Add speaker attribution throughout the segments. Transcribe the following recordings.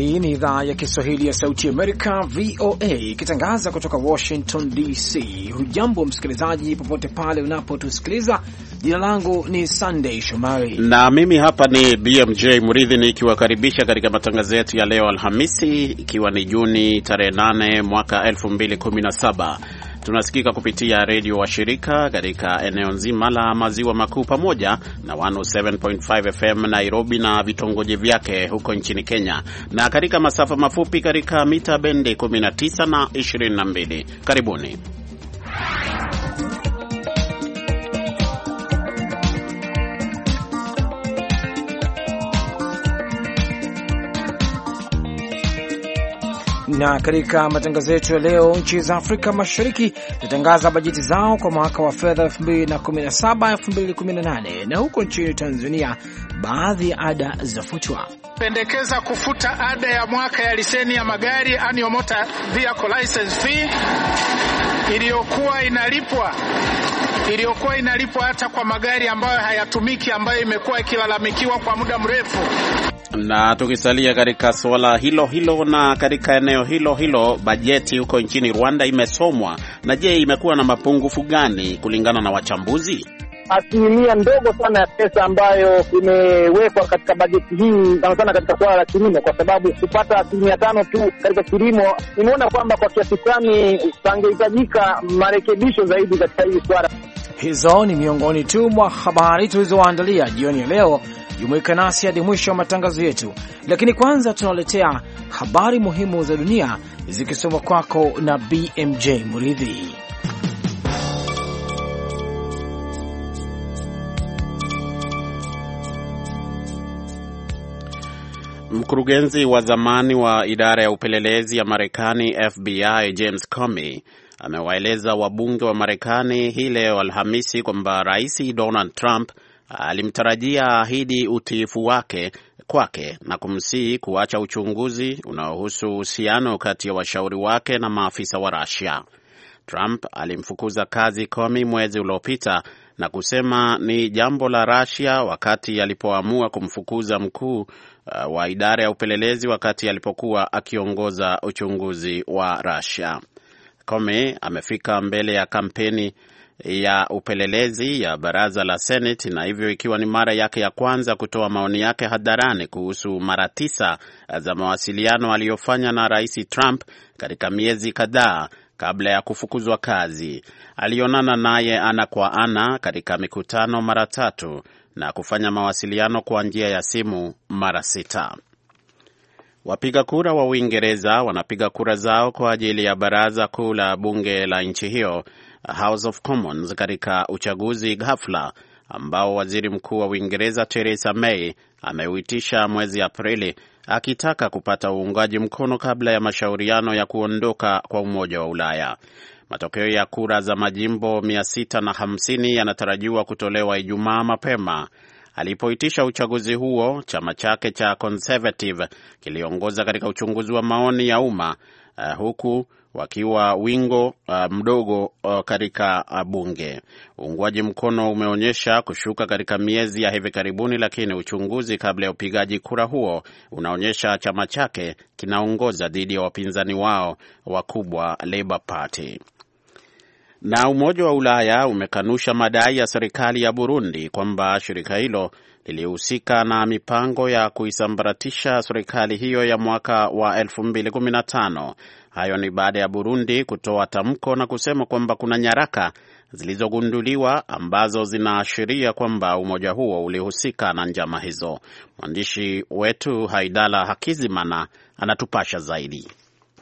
Speaker 1: Hii ni idhaa ya Kiswahili ya Sauti Amerika, VOA, ikitangaza kutoka Washington DC. Hujambo msikilizaji, popote pale unapotusikiliza. Jina langu ni sandey Shomari
Speaker 2: na mimi hapa ni BMJ Mridhi, nikiwakaribisha katika matangazo yetu ya leo Alhamisi, ikiwa ni Juni tarehe 8 mwaka 2017 Tunasikika kupitia redio wa shirika katika eneo nzima la maziwa makuu pamoja na 107.5 FM Nairobi na vitongoji vyake huko nchini Kenya, na katika masafa mafupi katika mita bendi 19 na 22. Karibuni.
Speaker 1: Na katika matangazo yetu ya leo, nchi za Afrika Mashariki zitatangaza bajeti zao kwa mwaka wa fedha 2017 2018, na huko nchini Tanzania baadhi ya ada zitafutwa.
Speaker 3: Pendekeza kufuta ada ya mwaka ya leseni ya magari annual motor vehicle license fee iliyokuwa inalipwa iliyokuwa inalipwa hata kwa magari ambayo hayatumiki ambayo imekuwa ikilalamikiwa kwa muda mrefu.
Speaker 2: Na tukisalia katika suala hilo hilo na katika eneo hilo hilo, bajeti huko nchini Rwanda imesomwa na je, imekuwa na mapungufu gani kulingana na wachambuzi?
Speaker 4: Asilimia ndogo sana ya pesa ambayo imewekwa katika bajeti hii, sana sana katika suala la kilimo, kwa sababu kupata asilimia tano tu katika kilimo, imeona kwamba kwa kiasi fulani pangehitajika
Speaker 1: marekebisho zaidi katika hili swala. Hizo ni miongoni tu mwa habari tulizoandalia jioni ya leo. Jumuika nasi hadi mwisho wa matangazo yetu, lakini kwanza tunawaletea habari muhimu za dunia zikisoma kwako na BMJ Muridhi.
Speaker 2: Mkurugenzi wa zamani wa idara ya upelelezi ya Marekani FBI James Comey amewaeleza wabunge wa Marekani hii leo Alhamisi kwamba Rais Donald Trump alimtarajia ahidi utiifu wake kwake na kumsihi kuacha uchunguzi unaohusu uhusiano kati ya washauri wake na maafisa wa rasia Trump alimfukuza kazi Comey mwezi uliopita na kusema ni jambo la rasia wakati alipoamua kumfukuza mkuu uh, wa idara ya upelelezi wakati alipokuwa akiongoza uchunguzi wa rasia Comey amefika mbele ya kampeni ya upelelezi ya baraza la Seneti na hivyo ikiwa ni mara yake ya kwanza kutoa maoni yake hadharani kuhusu mara tisa za mawasiliano aliyofanya na Rais Trump katika miezi kadhaa kabla ya kufukuzwa kazi. Alionana naye ana kwa ana katika mikutano mara tatu na kufanya mawasiliano kwa njia ya simu mara sita. Wapiga kura wa Uingereza wanapiga kura zao kwa ajili ya baraza kuu la bunge la nchi hiyo House of Commons katika uchaguzi ghafla ambao waziri mkuu wa Uingereza Theresa May ameuitisha mwezi Aprili akitaka kupata uungaji mkono kabla ya mashauriano ya kuondoka kwa Umoja wa Ulaya. Matokeo ya kura za majimbo 650 yanatarajiwa kutolewa Ijumaa mapema Alipoitisha uchaguzi huo, chama chake cha Conservative kiliongoza katika uchunguzi wa maoni ya umma uh, huku wakiwa wingo uh, mdogo uh, katika bunge. Uungwaji mkono umeonyesha kushuka katika miezi ya hivi karibuni, lakini uchunguzi kabla ya upigaji kura huo unaonyesha chama chake kinaongoza dhidi ya wapinzani wao wakubwa Labour Party. Na Umoja wa Ulaya umekanusha madai ya serikali ya Burundi kwamba shirika hilo lilihusika na mipango ya kuisambaratisha serikali hiyo ya mwaka wa 2015. Hayo ni baada ya Burundi kutoa tamko na kusema kwamba kuna nyaraka zilizogunduliwa ambazo zinaashiria kwamba umoja huo ulihusika na njama hizo. Mwandishi wetu Haidala Hakizimana anatupasha zaidi.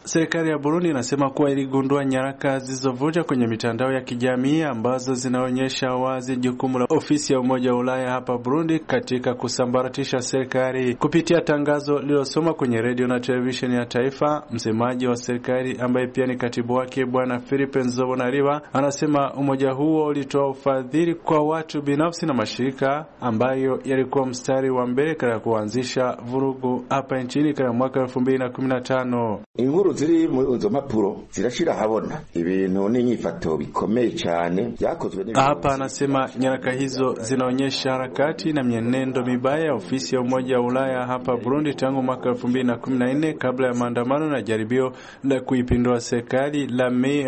Speaker 5: Serikali ya Burundi inasema kuwa iligundua nyaraka zilizovuja kwenye mitandao ya kijamii ambazo zinaonyesha wazi jukumu la ofisi ya Umoja wa Ulaya hapa Burundi katika kusambaratisha serikali. Kupitia tangazo lililosoma kwenye redio na televisheni ya taifa, msemaji wa serikali ambaye pia ni katibu wake Bwana Philippe Nzobonariba anasema umoja huo ulitoa ufadhili kwa watu binafsi na mashirika ambayo yalikuwa mstari wa mbele katika kuanzisha vurugu hapa nchini katika mwaka 2015.
Speaker 6: Inkuru ziri mu zo mapuro zirashira habona ibintu n'inyifato nyifato cyane chane
Speaker 5: hapa. Anasema nyaraka hizo zinaonyesha harakati na mienendo mibaya ya ofisi ya Umoja wa Ulaya hapa Burundi tangu mwaka 2014 kabla ya maandamano na jaribio la kuipindua serikali la Mei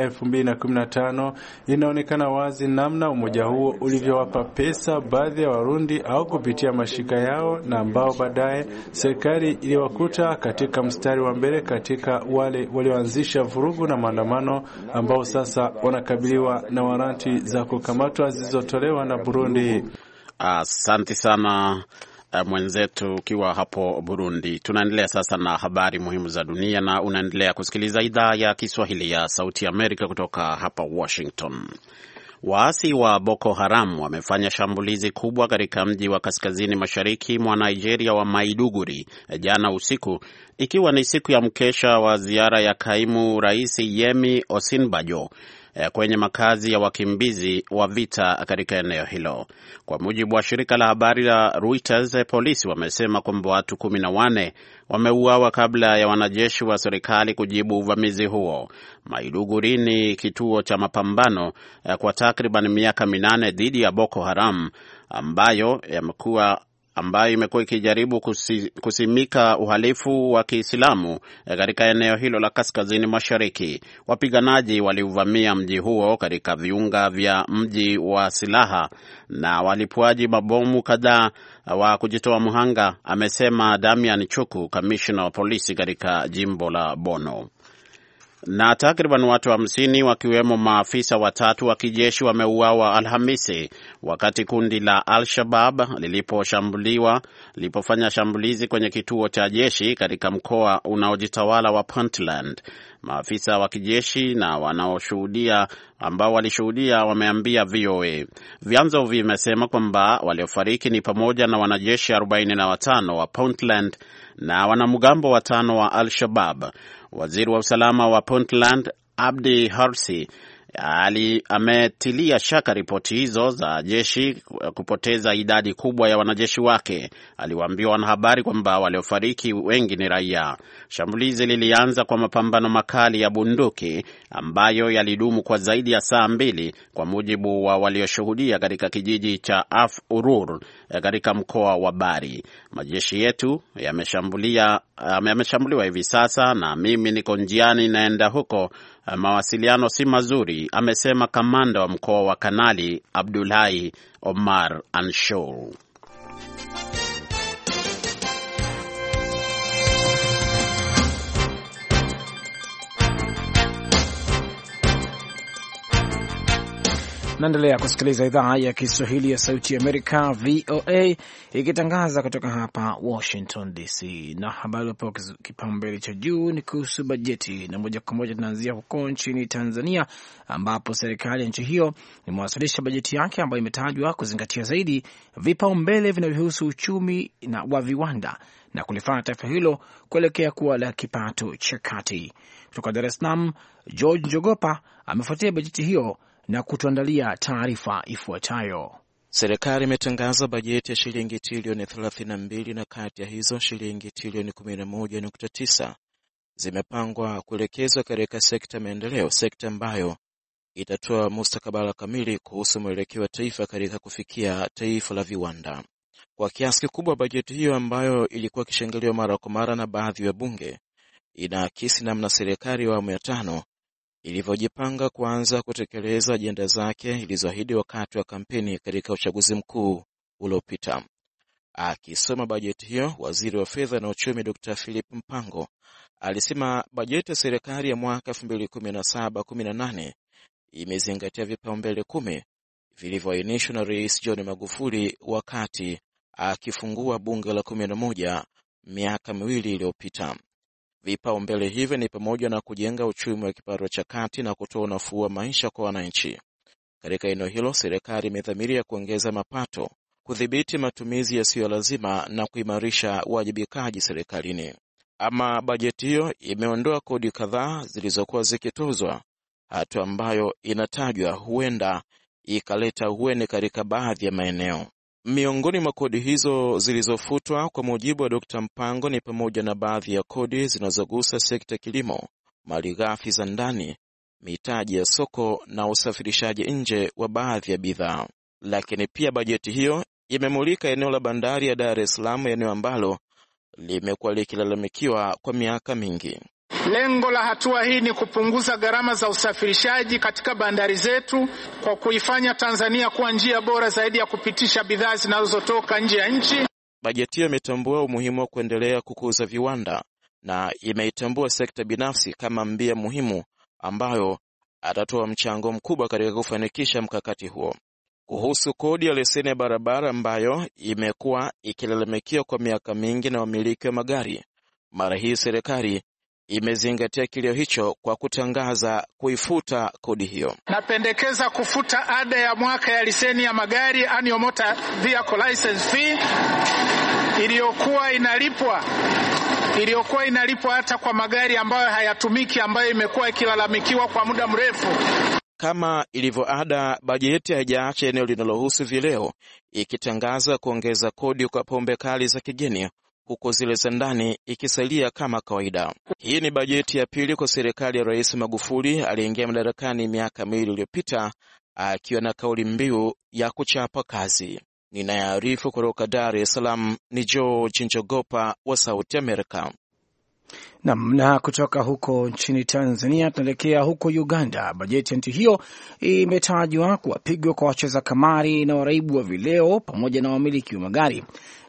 Speaker 5: tano Inaonekana wazi namna umoja huo ulivyowapa pesa baadhi ya Warundi au kupitia mashika yao na ambao baadaye serikali iliwakuta katika mstari wa mbele katika wale wale walioanzisha vurugu na maandamano ambao sasa wanakabiliwa na waranti za kukamatwa zilizotolewa na Burundi. Asante
Speaker 2: sana eh, mwenzetu ukiwa hapo Burundi. Tunaendelea sasa na habari muhimu za dunia, na unaendelea kusikiliza idhaa ya Kiswahili ya Sauti ya Amerika kutoka hapa Washington. Waasi wa Boko Haram wamefanya shambulizi kubwa katika mji wa kaskazini mashariki mwa Nigeria wa Maiduguri jana usiku, ikiwa ni siku ya mkesha wa ziara ya kaimu rais Yemi Osinbajo Eh, kwenye makazi ya wakimbizi wa vita katika eneo hilo. Kwa mujibu wa shirika la habari la Reuters, polisi wamesema kwamba watu kumi na wane wameuawa kabla ya wanajeshi wa serikali kujibu uvamizi huo. Maiduguri ni kituo cha mapambano eh, kwa takriban miaka minane dhidi ya Boko Haram ambayo yamekuwa ambayo imekuwa ikijaribu kusi, kusimika uhalifu wa Kiislamu eh, katika eneo hilo la kaskazini mashariki. Wapiganaji waliuvamia mji huo katika viunga vya mji wa silaha na walipuaji mabomu kadhaa eh, wa kujitoa mhanga, amesema Damian Chuku, kamishna wa polisi katika jimbo la Bono na takriban watu hamsini wa wakiwemo maafisa watatu wa kijeshi wameuawa Alhamisi wakati kundi la Al-Shabab liliposhambuliwa lilipofanya shambulizi kwenye kituo cha jeshi katika mkoa unaojitawala wa Puntland. Maafisa wa kijeshi na wanaoshuhudia ambao walishuhudia wameambia VOA. Vyanzo vimesema kwamba waliofariki ni pamoja na wanajeshi 45 wa Puntland na wanamgambo watano wa Al-Shabab Waziri wa usalama wa Puntland Abdi Harsi ali ametilia shaka ripoti hizo za jeshi kupoteza idadi kubwa ya wanajeshi wake. Aliwaambia wanahabari kwamba waliofariki wengi ni raia. Shambulizi lilianza kwa mapambano makali ya bunduki ambayo yalidumu kwa zaidi ya saa mbili, kwa mujibu wa walioshuhudia katika kijiji cha Af Urur eh, katika mkoa wa Bari. Majeshi yetu yameshambulia eh, yameshambuliwa hivi sasa, na mimi niko njiani naenda huko mawasiliano si mazuri, amesema kamanda wa mkoa wa Kanali Abdulahi Omar Anshur.
Speaker 1: Naendelea kusikiliza idhaa ya Kiswahili ya Sauti ya Amerika, VOA, ikitangaza kutoka hapa Washington DC, na habari wapewa kipaumbele cha juu ni kuhusu bajeti, na moja kwa moja tunaanzia huko nchini Tanzania, ambapo serikali ya nchi hiyo imewasilisha bajeti yake ambayo imetajwa kuzingatia zaidi vipaumbele vinavyohusu uchumi na wa viwanda na kulifanya taifa hilo kuelekea kuwa la kipato cha kati. Kutoka Dar es Salaam, George Njogopa amefuatia bajeti hiyo
Speaker 6: na kutuandalia taarifa ifuatayo. Serikali imetangaza bajeti ya shilingi trilioni 32 na kati ya hizo shilingi trilioni 11.9 zimepangwa kuelekezwa katika sekta maendeleo, sekta ambayo itatoa mustakabala kamili kuhusu mwelekeo wa taifa katika kufikia taifa la viwanda. Kwa kiasi kikubwa, bajeti hiyo ambayo ilikuwa ikishangiliwa mara kwa mara na baadhi ya bunge inaakisi namna serikali ya awamu ya tano ilivyojipanga kuanza kutekeleza ajenda zake ilizoahidi wakati wa kampeni katika uchaguzi mkuu uliopita. Akisoma bajeti hiyo, waziri wa fedha na uchumi Dr Philip Mpango alisema bajeti ya serikali ya mwaka 2017/18 imezingatia vipaumbele kumi vilivyoainishwa na Rais John Magufuli wakati akifungua bunge la 11 miaka miwili iliyopita. Vipaumbele hivyo ni pamoja na kujenga uchumi wa kipato cha kati na kutoa unafuu wa maisha kwa wananchi. Katika eneo hilo, serikali imedhamiria kuongeza mapato, kudhibiti matumizi yasiyo lazima na kuimarisha uwajibikaji serikalini. Ama bajeti hiyo imeondoa kodi kadhaa zilizokuwa zikitozwa, hatua ambayo inatajwa huenda ikaleta huene katika baadhi ya maeneo. Miongoni mwa kodi hizo zilizofutwa kwa mujibu wa Dr. Mpango ni pamoja na baadhi ya kodi zinazogusa sekta ya kilimo, ghafi za ndani, mitaji ya soko na usafirishaji nje wa baadhi ya bidhaa. Lakini pia bajeti hiyo imemulika eneo la bandari ya Dar es Salaam, eneo ambalo limekuwa likilalamikiwa kwa miaka mingi.
Speaker 3: Lengo la hatua hii ni kupunguza gharama za usafirishaji katika bandari zetu kwa kuifanya Tanzania kuwa njia bora zaidi ya kupitisha bidhaa zinazotoka nje ya
Speaker 6: nchi. Bajeti hiyo imetambua umuhimu wa kuendelea kukuza viwanda na imeitambua sekta binafsi kama mbia muhimu ambayo atatoa mchango mkubwa katika kufanikisha mkakati huo. Kuhusu kodi ya leseni ya barabara ambayo imekuwa ikilalamikiwa kwa miaka mingi na wamiliki wa magari, mara hii serikali imezingatia kilio hicho kwa kutangaza kuifuta kodi hiyo.
Speaker 3: Napendekeza kufuta ada ya mwaka ya leseni ya magari annual motor vehicle license fee iliyokuwa inalipwa iliyokuwa inalipwa hata kwa magari ambayo hayatumiki ambayo imekuwa ikilalamikiwa kwa muda mrefu.
Speaker 6: Kama ilivyo ada, bajeti haijaacha eneo linalohusu vileo, ikitangaza kuongeza kodi kwa pombe kali za kigeni huku zile za ndani ikisalia kama kawaida. Hii ni bajeti ya pili kwa serikali ya Rais Magufuli aliyeingia madarakani miaka miwili iliyopita akiwa na kauli mbiu ya kuchapa kazi. Ninayearifu kutoka Dar es Salaam ni George Njogopa wa Sauti Amerika.
Speaker 1: Nam na kutoka huko nchini Tanzania tunaelekea huko Uganda. Bajeti ya nchi hiyo imetajwa kuwapigwa kwa wacheza kamari na waraibu wa vileo pamoja na wamiliki wa magari,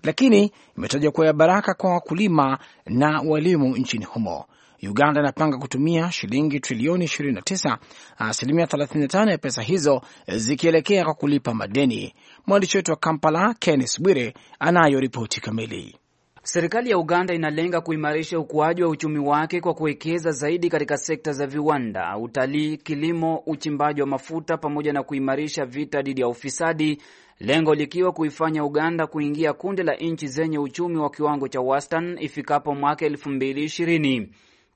Speaker 1: lakini imetajwa kuwa ya baraka kwa wakulima na walimu nchini humo. Uganda inapanga kutumia shilingi trilioni 29, asilimia 35 ya pesa hizo zikielekea kwa kulipa madeni. Mwandishi wetu wa Kampala, Kennis Bwire, anayo ripoti kamili.
Speaker 7: Serikali ya Uganda inalenga kuimarisha ukuaji wa uchumi wake kwa kuwekeza zaidi katika sekta za viwanda, utalii, kilimo, uchimbaji wa mafuta pamoja na kuimarisha vita dhidi ya ufisadi lengo likiwa kuifanya Uganda kuingia kundi la nchi zenye uchumi wa kiwango cha wastani ifikapo mwaka 2020.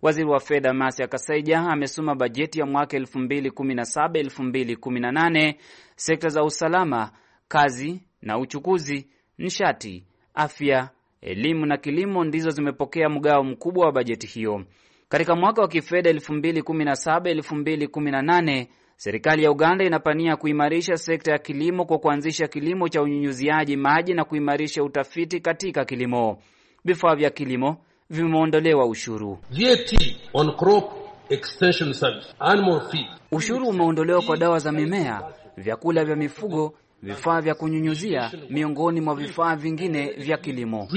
Speaker 7: Waziri wa fedha Masia Kasaija amesoma bajeti ya mwaka 2017-2018, sekta za usalama, kazi na uchukuzi, nishati, afya, elimu na kilimo ndizo zimepokea mgao mkubwa wa bajeti hiyo. Katika mwaka wa kifedha 2017-2018 Serikali ya Uganda inapania kuimarisha sekta ya kilimo kwa kuanzisha kilimo cha unyunyuziaji maji na kuimarisha utafiti katika kilimo. Vifaa vya kilimo vimeondolewa ushuru. VAT on crop extension service, animal feed. Ushuru umeondolewa kwa dawa za mimea, vyakula vya mifugo, vifaa vya kunyunyuzia, miongoni mwa vifaa vingine vya kilimo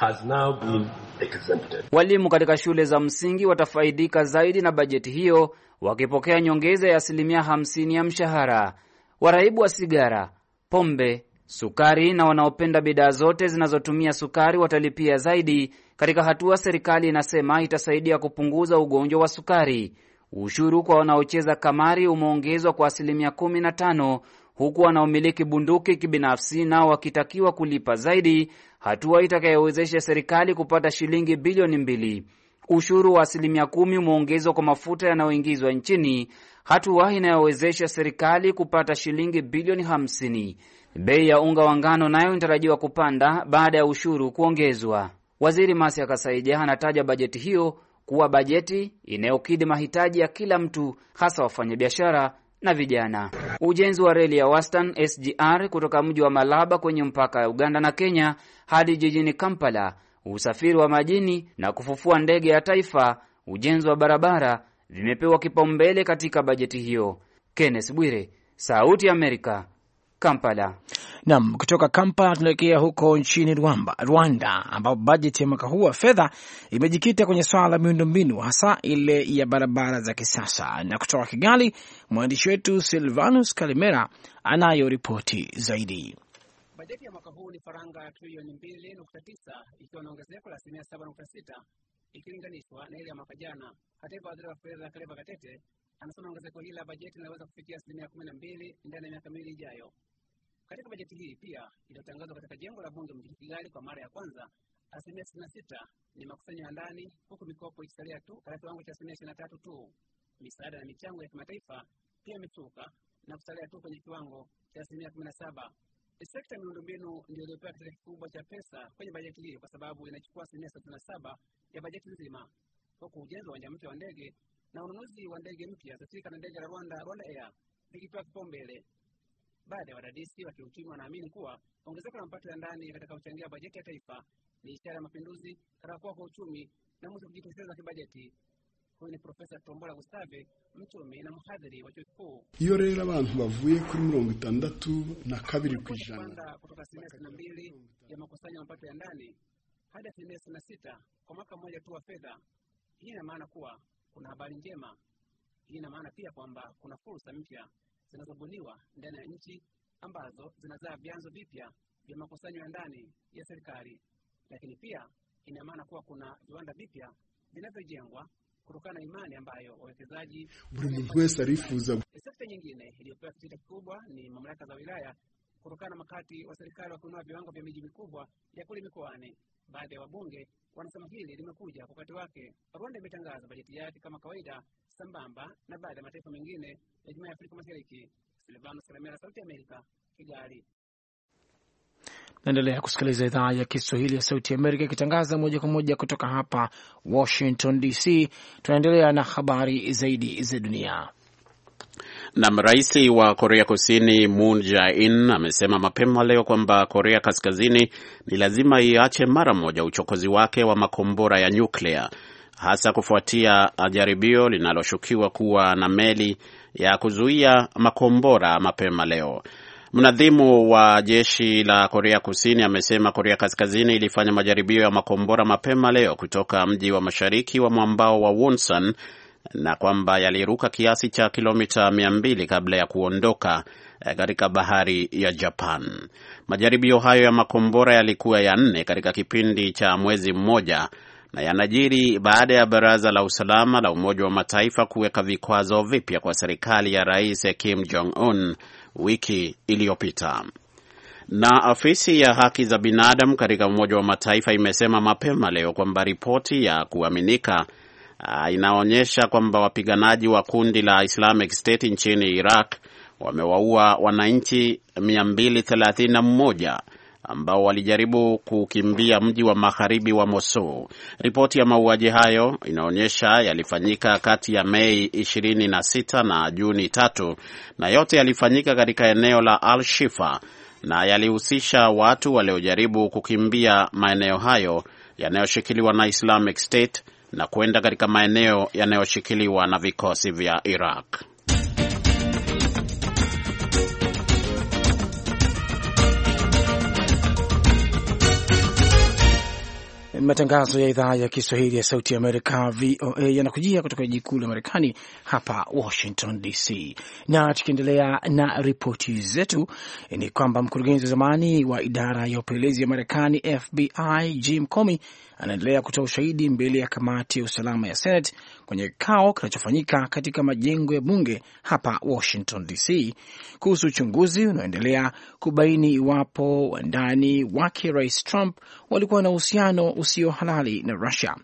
Speaker 5: has now been exempted.
Speaker 7: Walimu katika shule za msingi watafaidika zaidi na bajeti hiyo wakipokea nyongeza ya asilimia 50 ya mshahara. Waraibu wa sigara, pombe, sukari na wanaopenda bidhaa zote zinazotumia sukari watalipia zaidi katika hatua serikali inasema itasaidia kupunguza ugonjwa wa sukari. Ushuru kwa wanaocheza kamari umeongezwa kwa asilimia 15 huku wanaomiliki bunduki kibinafsi nao wakitakiwa kulipa zaidi, hatua itakayowezesha serikali kupata shilingi bilioni mbili. Ushuru wa asilimia kumi umeongezwa kwa mafuta yanayoingizwa nchini, hatua inayowezesha serikali kupata shilingi bilioni hamsini. Bei ya unga wa ngano nayo inatarajiwa kupanda baada ya ushuru kuongezwa. Waziri Masia Kasaija anataja bajeti hiyo kuwa bajeti inayokidhi mahitaji ya kila mtu, hasa wafanyabiashara na vijana. Ujenzi wa reli ya Western SGR kutoka mji wa Malaba kwenye mpaka ya Uganda na Kenya hadi jijini Kampala, usafiri wa majini na kufufua ndege ya taifa, ujenzi wa barabara vimepewa kipaumbele katika bajeti hiyo. Kenneth Bwire, Sauti ya Amerika, Kampala.
Speaker 1: Nam, kutoka Kampala tunaelekea huko nchini Rwanda, Rwanda ambapo bajeti ya mwaka huu wa fedha imejikita kwenye swala la miundombinu hasa ile ya barabara za kisasa. Na kutoka Kigali, mwandishi wetu Silvanus Kalimera anayo ripoti zaidi.
Speaker 8: Bajeti ya mwaka huu ni faranga trilioni mbili nukta tisa ikiwa na ongezeko la asilimia saba nukta sita ikilinganishwa na ile ya mwaka jana. Hata hivyo, waziri wa fedha Kaleva Katete anasema ongezeko hili la bajeti linaweza kufikia asilimia kumi na mbili ndani ya miaka miwili ijayo. Katika bajeti hii pia iliyotangazwa katika jengo la bunge mjini Kigali kwa mara ya kwanza, asilimia sitini na sita ni makusanyo ya ndani, huku mikopo ikisalia tu katika kiwango cha asilimia ishirini na tatu tu. Misaada na michango ya kimataifa pia imeshuka na kusalia tu kwenye kiwango cha asilimia kumi na saba. Sekta ya miundombinu ndio iliyopewa kitita kikubwa cha pesa kwenye bajeti hii kwa sababu inachukua asilimia thelathini na saba ya bajeti nzima, huku ujenzi wa uwanja mpya wa ndege na ununuzi wa ndege mpya za shirika la ndege la Rwanda, Rwanda Air, vikipewa kipaumbele baada ya wadadisi wa kiuchumi wanaamini kuwa ongezeko la mapato ya ndani yatakayochangia bajeti ya taifa ni ishara ya mapinduzi kuwa kwa uchumi na mtu kujitosheleza kibajeti. Huyu ni Profesa Tombola Gustave, mchumi na mhadhiri wa chuo kikuu.
Speaker 7: Iyo rero abantu bavuye kuri mirongo itandatu na kabiri ku ijana
Speaker 8: kutoka asilimia sitini na mbili ya makusanyo ya mapato ya ndani hadi asilimia sitini na sita kwa mwaka mmoja tu wa fedha. Hii ina maana kuwa kuna habari njema. Hii ina maana pia kwamba kuna fursa mpya zinazobuniwa ndani ya nchi ambazo zinazaa vyanzo vipya vya makusanyo ya ndani ya serikali, lakini pia ina maana kuwa kuna viwanda vipya vinavyojengwa kutokana na imani ambayo wawekezaji. Sekta nyingine iliyopewa kitita kikubwa ni mamlaka za wilaya kutokana na makati wa serikali wa kuinua viwango vya miji mikubwa ya kule mikoani. Baadhi ya wabunge wanasema hili limekuja wakati wake. Rwanda imetangaza bajeti yake kama kawaida, sambamba na baadhi ya mataifa mengine ya jumuiya ya Afrika Mashariki. Silvano Seremera, Sauti ya Amerika, Kigali.
Speaker 1: Naendelea kusikiliza idhaa ya Kiswahili ya Sauti Amerika ikitangaza moja kwa moja kutoka hapa Washington DC. Tunaendelea na habari zaidi za dunia.
Speaker 2: Nam, rais wa Korea Kusini Moon Jae-in amesema mapema leo kwamba Korea Kaskazini ni lazima iache mara moja uchokozi wake wa makombora ya nyuklia hasa kufuatia jaribio linaloshukiwa kuwa na meli ya kuzuia makombora mapema leo. Mnadhimu wa jeshi la Korea Kusini amesema Korea Kaskazini ilifanya majaribio ya makombora mapema leo kutoka mji wa mashariki wa mwambao wa Wonsan na kwamba yaliruka kiasi cha kilomita 200 kabla ya kuondoka eh, katika bahari ya Japan. Majaribio hayo ya makombora yalikuwa ya nne katika kipindi cha mwezi mmoja na yanajiri baada ya Baraza la Usalama la Umoja wa Mataifa kuweka vikwazo vipya kwa serikali ya Rais Kim Jong Un wiki iliyopita. Na afisi ya haki za binadamu katika Umoja wa Mataifa imesema mapema leo kwamba ripoti ya kuaminika uh, inaonyesha kwamba wapiganaji wa kundi la Islamic State nchini Iraq wamewaua wananchi 231 ambao walijaribu kukimbia mji wa magharibi wa Mosul. Ripoti ya mauaji hayo inaonyesha yalifanyika kati ya Mei 26 na Juni tatu, na yote yalifanyika katika eneo la Al-Shifa na yalihusisha watu waliojaribu kukimbia maeneo hayo yanayoshikiliwa na Islamic State na kwenda katika maeneo yanayoshikiliwa na vikosi vya Iraq.
Speaker 1: Matangazo ya idhaa ya Kiswahili ya Sauti Amerika, VOA, yanakujia kutoka jiji kuu la Marekani, hapa Washington DC. Na tukiendelea na ripoti zetu, ni kwamba mkurugenzi wa zamani wa idara ya upelelezi ya Marekani, FBI, Jim Comey anaendelea kutoa ushahidi mbele ya kamati ya usalama ya Senate kwenye kikao kinachofanyika katika majengo ya bunge hapa Washington DC kuhusu uchunguzi unaoendelea kubaini iwapo wandani wake Rais Trump walikuwa na uhusiano usio halali na Russia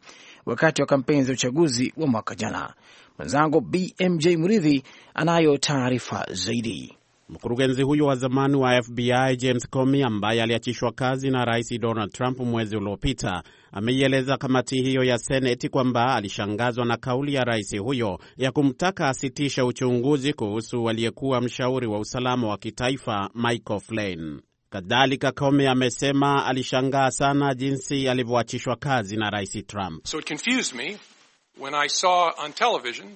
Speaker 1: wakati wa kampeni za uchaguzi wa mwaka jana. Mwenzangu BMJ Muridhi anayo taarifa
Speaker 2: zaidi. Mkurugenzi huyo wa zamani wa FBI James Comey, ambaye aliachishwa kazi na Rais Donald Trump mwezi uliopita, ameieleza kamati hiyo ya Seneti kwamba alishangazwa na kauli ya rais huyo ya kumtaka asitishe uchunguzi kuhusu aliyekuwa mshauri wa usalama wa kitaifa Michael Flynn. Kadhalika, Comey amesema alishangaa sana jinsi alivyoachishwa kazi na Rais Trump.
Speaker 4: So it confused me when I saw on television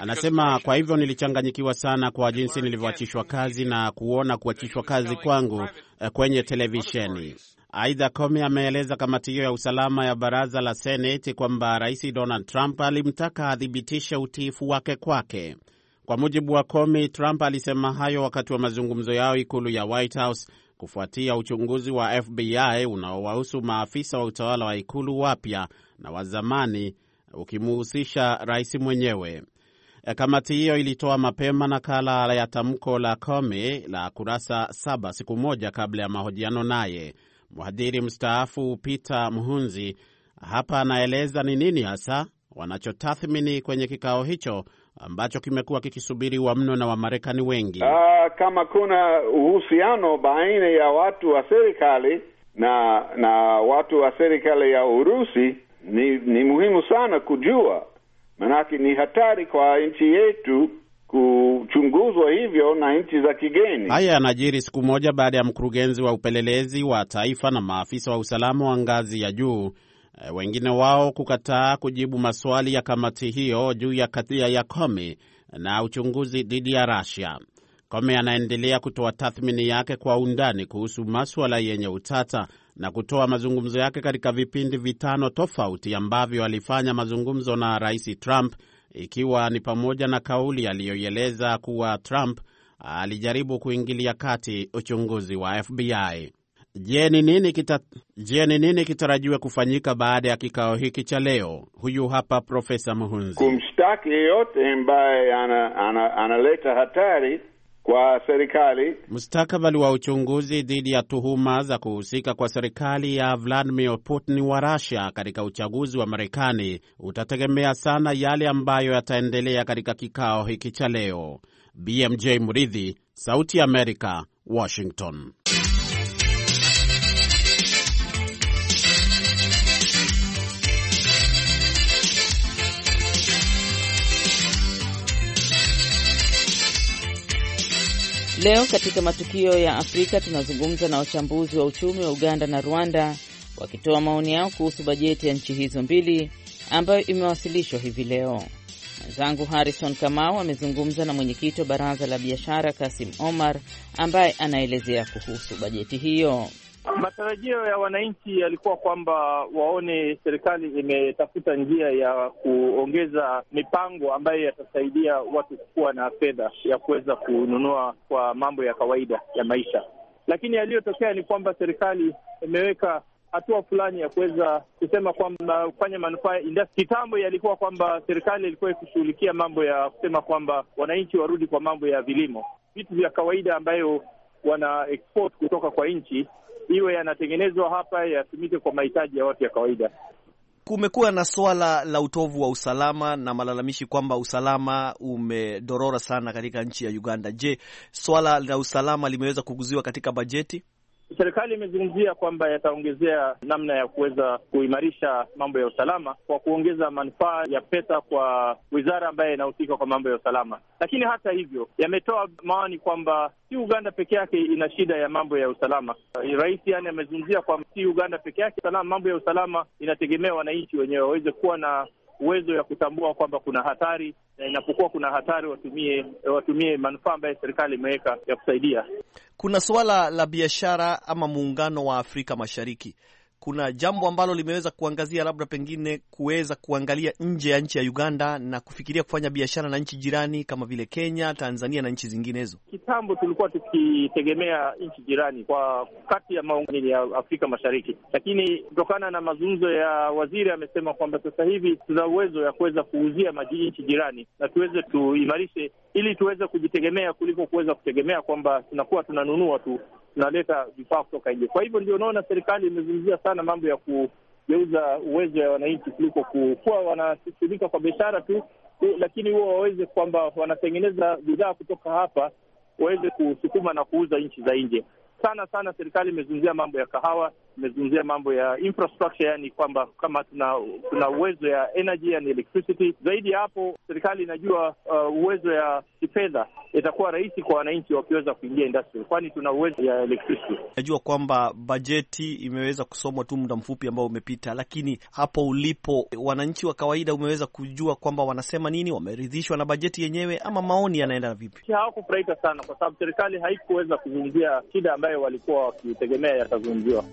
Speaker 4: Anasema
Speaker 2: kwa hivyo nilichanganyikiwa sana kwa jinsi nilivyoachishwa kazi na kuona kuachishwa kazi kwangu eh, kwenye televisheni. Aidha, Comey ameeleza kamati hiyo ya usalama ya baraza la Seneti kwamba Rais Donald Trump alimtaka athibitishe utiifu wake kwake. Kwa mujibu wa Comey, Trump alisema hayo wakati wa mazungumzo yao ikulu ya White House kufuatia uchunguzi wa FBI unaowahusu maafisa wa utawala wa ikulu wapya na wa zamani ukimuhusisha rais mwenyewe. E, kamati hiyo ilitoa mapema nakala ya tamko la Comey la kurasa saba siku moja kabla ya mahojiano naye. Mhadhiri mstaafu Peter Mhunzi hapa anaeleza ni nini hasa wanachotathmini kwenye kikao hicho ambacho kimekuwa kikisubiriwa mno na Wamarekani wengi.
Speaker 7: Uh, kama kuna uhusiano baina ya watu wa serikali na na watu wa serikali ya Urusi ni, ni muhimu sana kujua, manake ni hatari kwa nchi yetu kuchunguzwa hivyo na nchi za kigeni. Haya
Speaker 2: yanajiri siku moja baada ya mkurugenzi wa upelelezi wa taifa na maafisa wa usalama wa ngazi ya juu eh, wengine wao kukataa kujibu maswali ya kamati hiyo juu ya kadhia ya Comey na uchunguzi dhidi ya Russia. Comey anaendelea kutoa tathmini yake kwa undani kuhusu maswala yenye utata na kutoa mazungumzo yake katika vipindi vitano tofauti ambavyo alifanya mazungumzo na Rais Trump, ikiwa ni pamoja na kauli aliyoieleza kuwa Trump alijaribu kuingilia kati uchunguzi wa FBI. Je, ni nini kitarajiwa kitarajiwe kufanyika baada ya kikao hiki cha leo? Huyu hapa Profesa Muhunzi.
Speaker 7: Kumshtaki yeyote ambaye analeta ana, ana hatari kwa serikali.
Speaker 2: Mustakabali wa uchunguzi dhidi ya tuhuma za kuhusika kwa serikali ya Vladimir Putin wa Russia katika uchaguzi wa Marekani utategemea sana yale ambayo yataendelea katika kikao hiki cha leo. BMJ Muridhi, Sauti ya Amerika, Washington.
Speaker 7: Leo katika matukio ya Afrika tunazungumza na wachambuzi wa uchumi wa Uganda na Rwanda wakitoa maoni yao kuhusu bajeti ya nchi hizo mbili ambayo imewasilishwa hivi leo. Mwenzangu Harrison Kamau amezungumza na mwenyekiti wa baraza la biashara Kasim Omar ambaye anaelezea kuhusu bajeti hiyo.
Speaker 9: Matarajio ya wananchi yalikuwa kwamba waone serikali imetafuta njia ya kuongeza mipango ambayo yatasaidia watu kuwa na fedha ya kuweza kununua kwa mambo ya kawaida ya maisha, lakini yaliyotokea ni kwamba serikali imeweka hatua fulani ya kuweza kusema kwamba kufanya manufaa industry. Kitambo yalikuwa kwamba serikali ilikuwa ikishughulikia mambo ya kusema kwamba wananchi warudi kwa mambo ya vilimo, vitu vya kawaida ambayo wana export kutoka kwa nchi iwe yanatengenezwa hapa yatumike kwa mahitaji ya watu ya kawaida.
Speaker 6: Kumekuwa na swala la utovu wa usalama na malalamishi kwamba usalama umedorora sana katika nchi ya Uganda. Je, swala la usalama limeweza kuguziwa katika
Speaker 5: bajeti?
Speaker 9: serikali imezungumzia kwamba yataongezea namna ya kuweza kuimarisha mambo ya usalama kwa kuongeza manufaa ya pesa kwa wizara ambaye inahusika kwa mambo ya usalama. Lakini hata hivyo, yametoa maoni kwamba si Uganda peke yake ina shida ya mambo ya usalama. Eh, Rais yani amezungumzia kwamba si Uganda peke yake, mambo ya usalama inategemea wananchi wenyewe waweze kuwa na uwezo ya kutambua kwamba kuna hatari na inapokuwa kuna hatari watumie watumie manufaa ambayo serikali imeweka ya kusaidia.
Speaker 6: Kuna suala la biashara ama muungano wa Afrika Mashariki kuna jambo ambalo limeweza kuangazia labda pengine kuweza kuangalia nje ya nchi ya Uganda na kufikiria kufanya biashara na nchi jirani kama vile Kenya, Tanzania na nchi zinginezo?
Speaker 9: Kitambo tulikuwa tukitegemea nchi jirani kwa kati ya maungano ya Afrika Mashariki, lakini kutokana na mazungumzo ya waziri amesema kwamba sasa hivi tuna uwezo ya kuweza kuuzia maji nchi jirani na tuweze tuimarishe, ili tuweze kujitegemea kuliko kuweza kutegemea kwamba tunakuwa tunanunua tu tunaleta vifaa kutoka nje. Kwa hivyo ndio unaona serikali imezungumzia sana mambo ya kugeuza uwezo ya wananchi kuliko kuwa wanashughulika kwa biashara tu, lakini huo waweze kwamba wanatengeneza bidhaa kutoka hapa waweze kusukuma na kuuza nchi za nje. Sana sana serikali imezungumzia mambo ya kahawa tumezungumzia mambo ya infrastructure, yani kwamba kama tuna tuna uwezo ya energy, yani electricity. Zaidi ya hapo, serikali inajua uh, uwezo ya kifedha, itakuwa rahisi kwa wananchi wakiweza kuingia industry, kwani tuna uwezo ya electricity.
Speaker 6: Najua kwamba bajeti imeweza kusomwa tu muda mfupi ambao umepita, lakini hapo ulipo wananchi wa kawaida umeweza kujua kwamba wanasema nini, wameridhishwa na bajeti yenyewe ama maoni yanaenda vipi?
Speaker 9: Hawakufurahika sana, kwa sababu serikali haikuweza kuzungumzia shida ambayo walikuwa wakitegemea yatazungumziwa.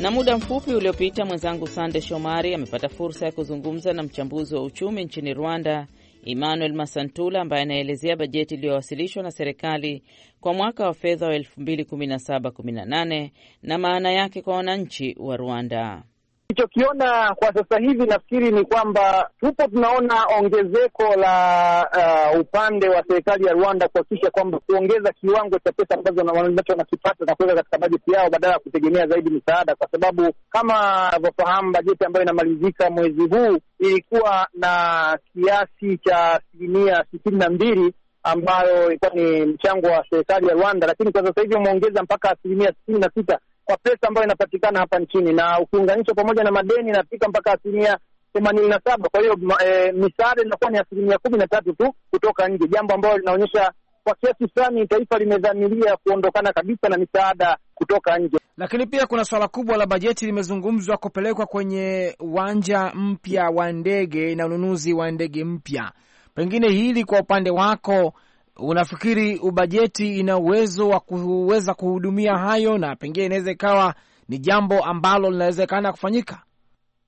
Speaker 7: Na muda mfupi uliopita mwenzangu Sande Shomari amepata fursa ya kuzungumza na mchambuzi wa uchumi nchini Rwanda, Emmanuel Masantula, ambaye anaelezea bajeti iliyowasilishwa na serikali kwa mwaka wa fedha wa 2017/18 na maana yake kwa wananchi wa Rwanda.
Speaker 4: Nilichokiona kwa sasa hivi nafikiri ni kwamba tupo tunaona ongezeko la uh, upande wa serikali ya Rwanda kuhakikisha kwamba kuongeza kiwango cha pesa ambazo wanacho wanakipata na kuweka katika bajeti yao badala ya kutegemea zaidi misaada, kwa sababu kama anavyofahamu bajeti ambayo inamalizika mwezi huu ilikuwa na kiasi cha asilimia sitini na mbili ambayo ilikuwa ni mchango wa serikali ya Rwanda, lakini kwa sasa hivi umeongeza mpaka asilimia sitini na sita kwa pesa ambayo inapatikana hapa nchini, na ukiunganishwa pamoja na madeni inafika mpaka asilimia themanini na saba. Kwa hiyo e, misaada inakuwa ni asilimia kumi na tatu tu kutoka nje, jambo ambalo linaonyesha kwa kiasi fulani taifa limedhamiria kuondokana kabisa na misaada kutoka nje.
Speaker 1: Lakini pia kuna swala kubwa la bajeti limezungumzwa kupelekwa kwenye uwanja mpya wa ndege na ununuzi wa ndege mpya. Pengine hili kwa upande wako unafikiri ubajeti ina uwezo wa kuweza kuhudumia hayo, na pengine inaweza ikawa ni jambo ambalo linawezekana kufanyika?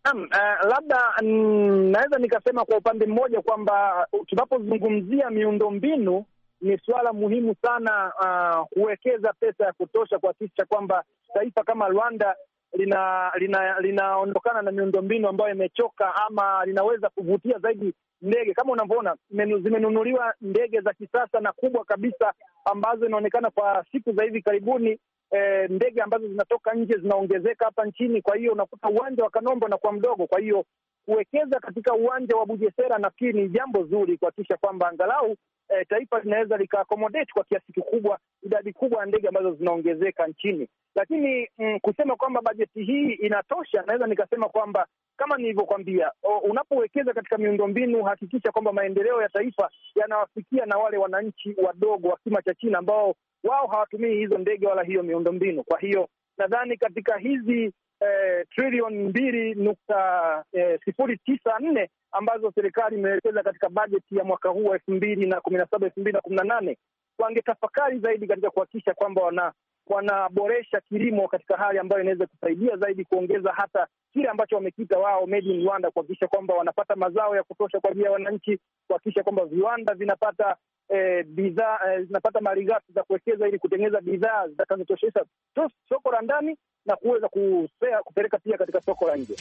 Speaker 4: Naam, uh, labda
Speaker 10: naweza nikasema kwa upande mmoja kwamba uh, tunapozungumzia miundombinu ni suala muhimu sana, uh, kuwekeza pesa ya kutosha kuhakikisha kwamba taifa kama Rwanda lina linaondokana lina na miundombinu ambayo imechoka ama linaweza kuvutia zaidi ndege kama unavyoona zimenunuliwa ndege za kisasa na kubwa kabisa, ambazo inaonekana kwa siku za hivi karibuni E, ndege ambazo zinatoka nje zinaongezeka hapa nchini. Kwa hiyo unakuta uwanja wa na kwa mdogo. Kwa hiyo kuwekeza katika uwanja wa Bujesera nafikiri ni jambo zuri kuhakikisha kwamba angalau eh, taifa linaweza likaakomodate kwa kiasi kikubwa idadi kubwa ya ndege ambazo zinaongezeka nchini. Lakini mm, kusema kwamba bajeti hii inatosha, naweza nikasema kwamba kama nilivyokwambia, unapowekeza katika miundombinu hakikisha kwamba maendeleo ya taifa yanawafikia na wale wananchi wadogo wa kima cha chini ambao wao hawatumii hizo ndege wala hiyo miundombinu. Kwa hiyo nadhani katika hizi eh, trilioni mbili nukta eh, sifuri tisa nne ambazo serikali imewekeza katika bajeti ya mwaka huu wa elfu mbili na kumi na saba elfu mbili na kumi na nane wangetafakari zaidi katika kuhakikisha kwamba wana wanaboresha kilimo katika hali ambayo inaweza kusaidia zaidi kuongeza hata kile ambacho wamekita wao made in Rwanda, kuhakikisha kwamba wanapata mazao ya kutosha kwa ajili ya wananchi, kuhakikisha kwamba viwanda vinapata eh, bidhaa eh, zinapata malighafi za kuwekeza ili kutengeneza bidhaa zitakazotoshesha soko la ndani na kuweza kupeleka pia katika soko la nje.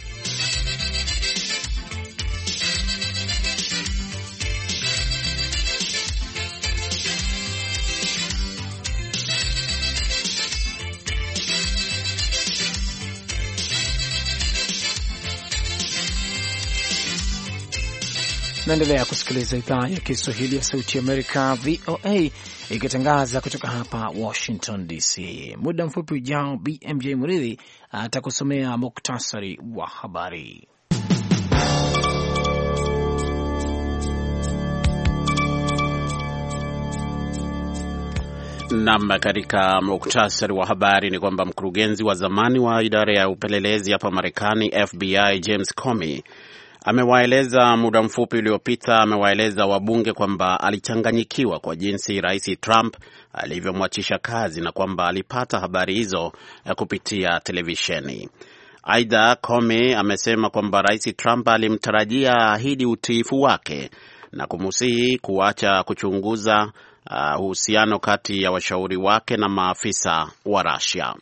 Speaker 1: Naendelea kusikiliza idhaa ya Kiswahili ya Sauti ya Amerika, VOA, ikitangaza kutoka hapa Washington DC. Muda mfupi ujao, BMJ Muridhi atakusomea muktasari wa habari.
Speaker 2: Nam, katika muktasari wa habari ni kwamba mkurugenzi wa zamani wa idara ya upelelezi hapa Marekani, FBI, James Comey amewaeleza muda mfupi uliopita, amewaeleza wabunge kwamba alichanganyikiwa kwa jinsi Rais Trump alivyomwachisha kazi na kwamba alipata habari hizo eh, kupitia televisheni. Aidha, Comey amesema kwamba Rais Trump alimtarajia ahidi utiifu wake na kumusihi kuacha kuchunguza ah, uhusiano kati ya washauri wake na maafisa wa Russia.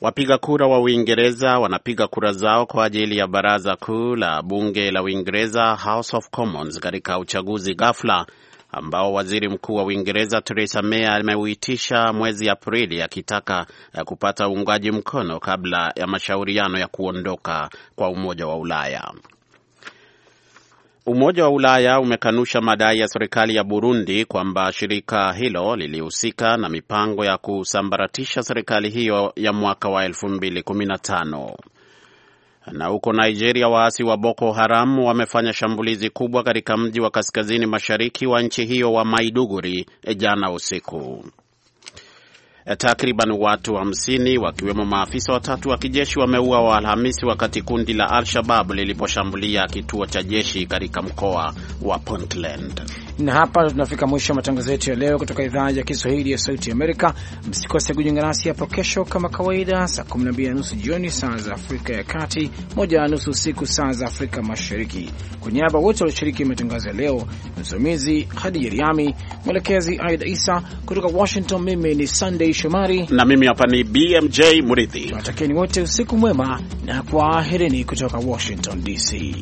Speaker 2: Wapiga kura wa Uingereza wanapiga kura zao kwa ajili ya baraza kuu la bunge la Uingereza, House of Commons, katika uchaguzi ghafla ambao waziri mkuu wa Uingereza Theresa May ameuitisha mwezi Aprili akitaka eh, kupata uungaji mkono kabla ya mashauriano ya kuondoka kwa Umoja wa Ulaya. Umoja wa Ulaya umekanusha madai ya serikali ya Burundi kwamba shirika hilo lilihusika na mipango ya kusambaratisha serikali hiyo ya mwaka wa 2015. Na huko Nigeria, waasi wa Boko Haram wamefanya shambulizi kubwa katika mji wa kaskazini mashariki wa nchi hiyo wa Maiduguri eh, jana usiku. Eh, takriban watu hamsini wa wakiwemo maafisa watatu wa kijeshi wameua wa Alhamisi wakati kundi la Al-Shabab liliposhambulia kituo cha jeshi katika mkoa wa Puntland.
Speaker 1: Na hapa tunafika mwisho wa matangazo yetu ya leo kutoka idhaa ya Kiswahili ya Sauti Amerika. Msikose kujiunga nasi hapo kesho kama kawaida, saa 12 na nusu jioni saa za Afrika ya Kati, moja na nusu usiku saa za Afrika Mashariki. Kwa niaba wote walioshiriki matangazo ya leo, msimamizi Hadi Jeriami, mwelekezi Aida Isa kutoka Washington, mimi ni Sunday Shomari
Speaker 2: na mimi hapa ni BMJ
Speaker 1: Muridhi. Tunatakieni wote usiku mwema na kwaherini kutoka Washington DC.